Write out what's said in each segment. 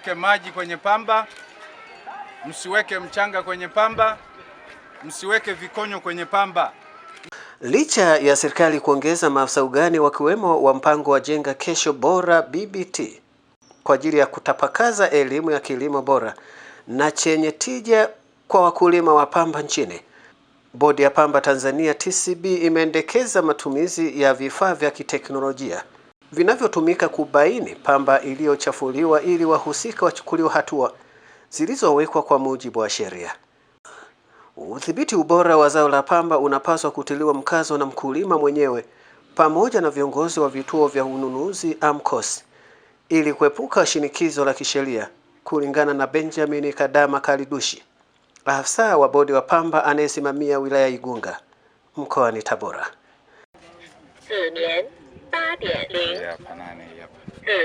Msiweke maji kwenye pamba, msiweke mchanga kwenye pamba, msiweke vikonyo kwenye pamba. Licha ya serikali kuongeza maafisa ugani wakiwemo wa mpango wa Jenga Kesho Bora BBT kwa ajili ya kutapakaza elimu ya kilimo bora na chenye tija kwa wakulima wa pamba nchini, Bodi ya Pamba Tanzania TCB imeendekeza matumizi ya vifaa vya kiteknolojia vinavyotumika kubaini pamba iliyochafuliwa ili wahusika wachukuliwa hatua zilizowekwa kwa mujibu wa sheria. Udhibiti ubora wa zao la pamba unapaswa kutiliwa mkazo na mkulima mwenyewe pamoja na viongozi wa vituo vya ununuzi AMCOS ili kuepuka shinikizo la kisheria, kulingana na Benjamin Kadama Kalidushi, afisa wa bodi wa pamba anayesimamia wilaya Igunga mkoani Tabora. Eh, 八点零日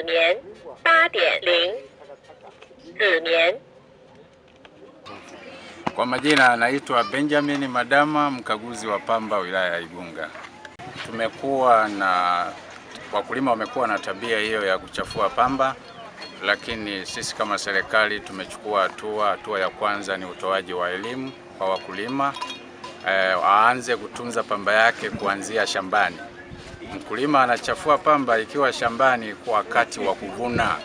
眠八点零日眠。Kwa majina anaitwa Benjamin Madama, mkaguzi wa pamba wilaya ya Igunga. Tumekuwa na wakulima wamekuwa na tabia hiyo ya kuchafua pamba, lakini sisi kama serikali tumechukua hatua. Hatua ya kwanza ni utoaji wa elimu kwa wakulima, e, aanze kutunza pamba yake kuanzia shambani mkulima anachafua pamba ikiwa shambani kwa wakati wa kuvuna.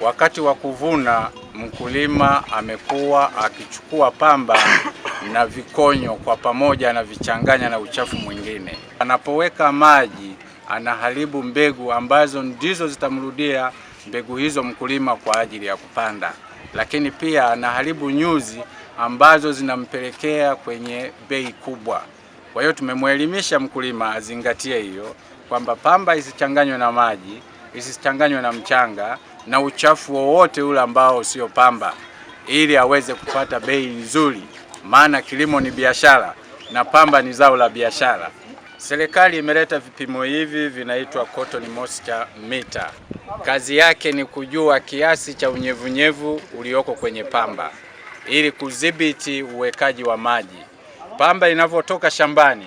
Wakati wa kuvuna, mkulima amekuwa akichukua pamba na vikonyo kwa pamoja, na vichanganya na uchafu mwingine. Anapoweka maji, anaharibu mbegu ambazo ndizo zitamrudia mbegu hizo mkulima kwa ajili ya kupanda, lakini pia anaharibu nyuzi ambazo zinampelekea kwenye bei kubwa. Kwa hiyo tumemwelimisha mkulima azingatie hiyo kwamba pamba isichanganywe na maji, isichanganywe na mchanga na uchafu wowote ule ambao sio pamba, ili aweze kupata bei nzuri, maana kilimo ni biashara na pamba ni zao la biashara. Serikali imeleta vipimo hivi vinaitwa cotton moisture meter. Kazi yake ni kujua kiasi cha unyevunyevu ulioko kwenye pamba ili kudhibiti uwekaji wa maji. Pamba inavyotoka shambani,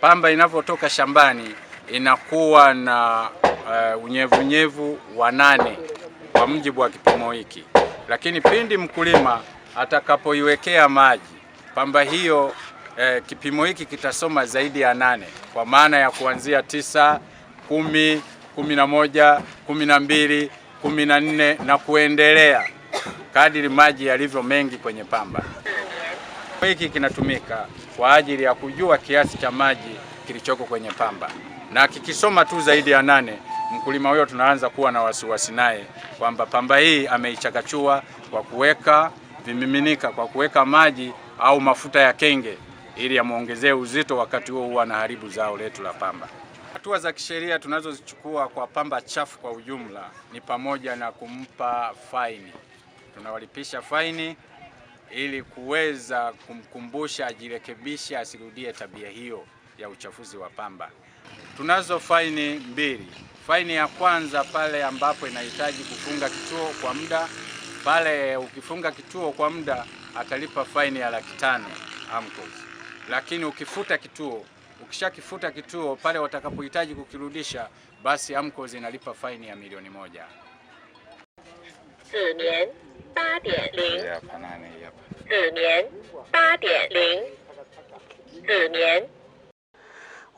pamba inavyotoka shambani inakuwa na uh, unyevunyevu wa nane kwa mujibu wa kipimo hiki, lakini pindi mkulima atakapoiwekea maji pamba hiyo eh, kipimo hiki kitasoma zaidi ya nane kwa maana ya kuanzia tisa, kumi, kumi na moja, kumi na mbili, kumi na nne na kuendelea kadiri maji yalivyo mengi kwenye pamba. Kifaa hiki kinatumika kwa ajili ya kujua kiasi cha maji kilichoko kwenye pamba, na kikisoma tu zaidi ya nane, mkulima huyo tunaanza kuwa na wasiwasi naye kwamba pamba hii ameichakachua kwa kuweka vimiminika, kwa kuweka maji au mafuta ya kenge ili amwongezee uzito, wakati huo huwa anaharibu zao letu la pamba. Hatua za kisheria tunazozichukua kwa pamba chafu kwa ujumla ni pamoja na kumpa faini, tunawalipisha faini ili kuweza kumkumbusha ajirekebishe, asirudie tabia hiyo ya uchafuzi wa pamba. Tunazo faini mbili. Faini ya kwanza pale ambapo inahitaji kufunga kituo kwa muda, pale ukifunga kituo kwa muda atalipa faini ya laki tano AMCOS, lakini ukifuta kituo ukishakifuta kituo pale watakapohitaji kukirudisha, basi AMCOS inalipa faini ya milioni moja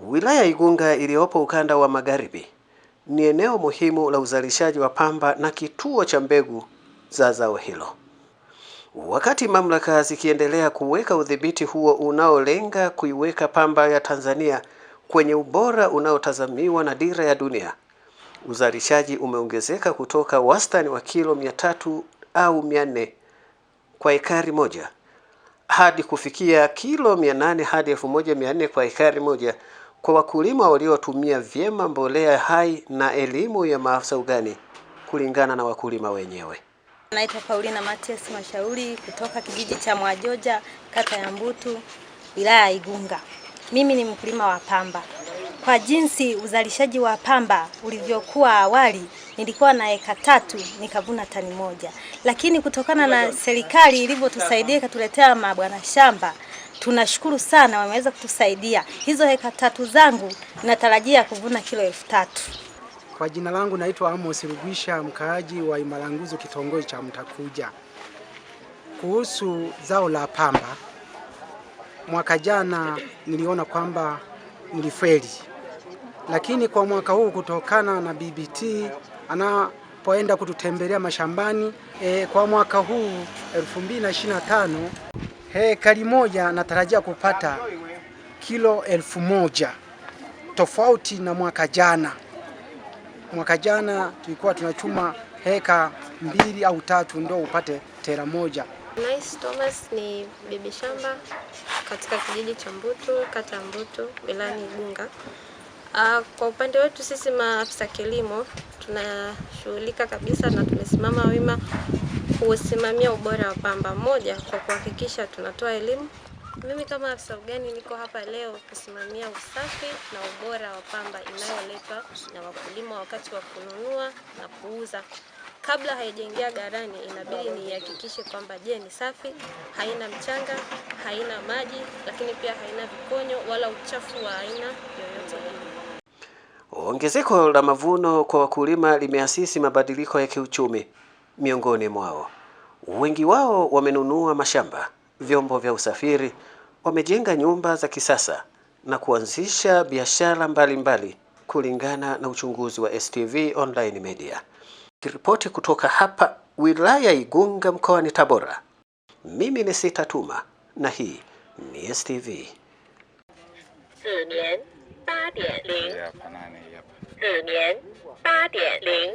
wilaya Igunga iliyopo ukanda wa magharibi ni eneo muhimu la uzalishaji wa pamba na kituo cha mbegu za zao hilo. Wakati mamlaka zikiendelea kuweka udhibiti huo unaolenga kuiweka pamba ya Tanzania kwenye ubora unaotazamiwa na dira ya dunia, uzalishaji umeongezeka kutoka wastani wa kilo mia tatu au mia nne kwa ekari moja hadi kufikia kilo 800 hadi 1400 kwa ekari moja kwa wakulima waliotumia vyema mbolea hai na elimu ya maafisa ugani kulingana na wakulima wenyewe. Naitwa Paulina Matias Mashauri kutoka kijiji cha Mwajoja, kata ya Mbutu, wilaya ya Igunga. Mimi ni mkulima wa pamba. Kwa jinsi uzalishaji wa pamba ulivyokuwa awali nilikuwa na eka tatu nikavuna tani moja, lakini kutokana na serikali ilivyotusaidia ikatuletea mabwana shamba tunashukuru sana, wameweza kutusaidia. Hizo heka tatu zangu natarajia kuvuna kilo elfu tatu. Kwa jina langu naitwa Amos Rugwisha, mkaaji wa Imalanguzo, kitongoji cha Mtakuja. Kuhusu zao la pamba, mwaka jana niliona kwamba nilifeli, lakini kwa mwaka huu kutokana na BBT anapoenda kututembelea mashambani e, kwa mwaka huu 2025 hekari moja natarajia kupata kilo elfu moja tofauti na mwaka jana. Mwaka jana tulikuwa tunachuma heka mbili au tatu ndo upate tera moja. Nice Thomas ni bibi shamba katika kijiji cha Mbutu, kata ya Mbutu, wilani Igunga. Ah, kwa upande wetu sisi maafisa kilimo tunashughulika kabisa na tumesimama wima kusimamia ubora wa pamba. Moja, kwa kuhakikisha tunatoa elimu. Mimi kama afisa ugani niko hapa leo kusimamia usafi na ubora wa pamba inayoletwa na wakulima wakati wa kununua na kuuza. Kabla haijaingia garani inabidi nihakikishe kwamba, je, ni safi, haina mchanga, haina maji, lakini pia haina vikonyo wala uchafu wa aina yoyote ile ongezeko la mavuno kwa wakulima limeasisi mabadiliko ya kiuchumi miongoni mwao. Wengi wao wamenunua mashamba, vyombo vya usafiri, wamejenga nyumba za kisasa na kuanzisha biashara mbalimbali, kulingana na uchunguzi wa STV Online Media. Kiripoti kutoka hapa wilaya Igunga mkoani Tabora, mimi ni Sitatuma na hii ni STV. Eh, 八点零，子年八点零。